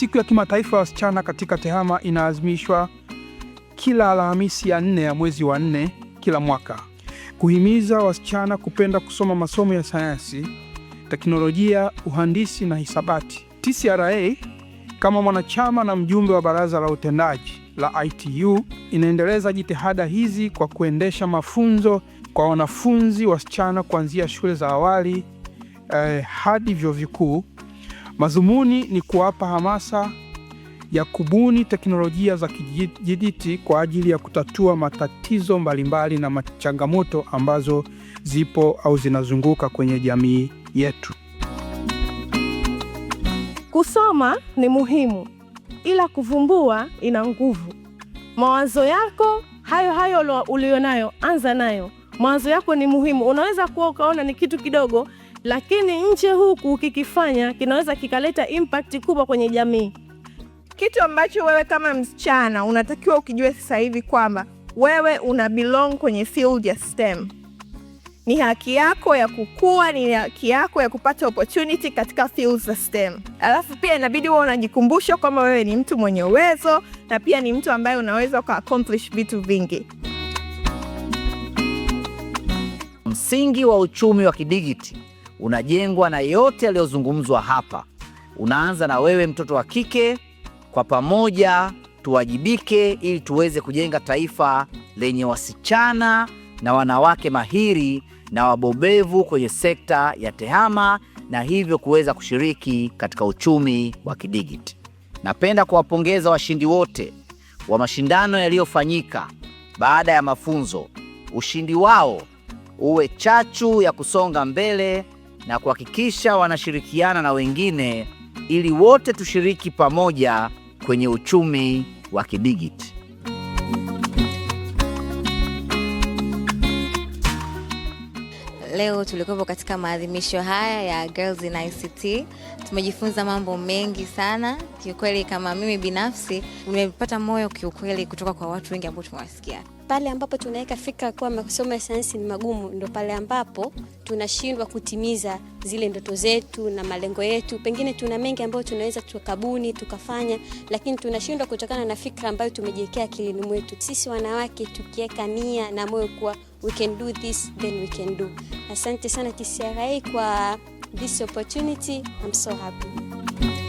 Siku ya kimataifa ya wasichana katika TEHAMA inaazimishwa kila Alhamisi ya nne ya mwezi wa nne kila mwaka kuhimiza wasichana kupenda kusoma masomo ya sayansi, teknolojia, uhandisi na hisabati. TCRA kama mwanachama na mjumbe wa baraza la utendaji la ITU inaendeleza jitihada hizi kwa kuendesha mafunzo kwa wanafunzi wasichana kuanzia shule za awali eh, hadi vyuo vikuu Madhumuni ni kuwapa hamasa ya kubuni teknolojia za kidijiti kwa ajili ya kutatua matatizo mbalimbali na changamoto ambazo zipo au zinazunguka kwenye jamii yetu. Kusoma ni muhimu, ila kuvumbua ina nguvu. Mawazo yako hayo hayo ulionayo, anza nayo. Mawazo yako ni muhimu. Unaweza kuwa ukaona ni kitu kidogo, lakini nje huku kikifanya kinaweza kikaleta impact kubwa kwenye jamii. Kitu ambacho wewe kama msichana unatakiwa ukijue sasa hivi kwamba wewe una belong kwenye field ya STEM. Ni haki yako ya kukua, ni haki yako ya kupata opportunity katika fields za STEM. Alafu pia inabidi wewe unajikumbusha kwamba wewe ni mtu mwenye uwezo na pia ni mtu ambaye unaweza accomplish vitu vingi. Msingi wa uchumi wa kidigiti unajengwa na yote yaliyozungumzwa hapa. Unaanza na wewe mtoto wa kike. Kwa pamoja tuwajibike ili tuweze kujenga taifa lenye wasichana na wanawake mahiri na wabobevu kwenye sekta ya tehama na hivyo kuweza kushiriki katika uchumi wa kidigiti. Napenda kuwapongeza washindi wote wa mashindano yaliyofanyika baada ya mafunzo. Ushindi wao uwe chachu ya kusonga mbele na kuhakikisha wanashirikiana na wengine ili wote tushiriki pamoja kwenye uchumi wa kidigiti. Leo tulikuwepo katika maadhimisho haya ya Girls in ICT. Tumejifunza mambo mengi sana kiukweli, kama mimi binafsi nimepata moyo kiukweli kutoka kwa watu wengi ambao tumewasikia pale ambapo tunaweka fikra kuwa masomo ya sayansi ni magumu, ndo pale ambapo tunashindwa kutimiza zile ndoto zetu na malengo yetu. Pengine tuna mengi ambayo tunaweza tukabuni tukafanya, lakini tunashindwa kutokana na fikra ambayo tumejiwekea akilini mwetu. Sisi wanawake tukiweka nia na moyo kuwa we can do this then we can do. Asante sana TCRA kwa this opportunity. I'm so happy.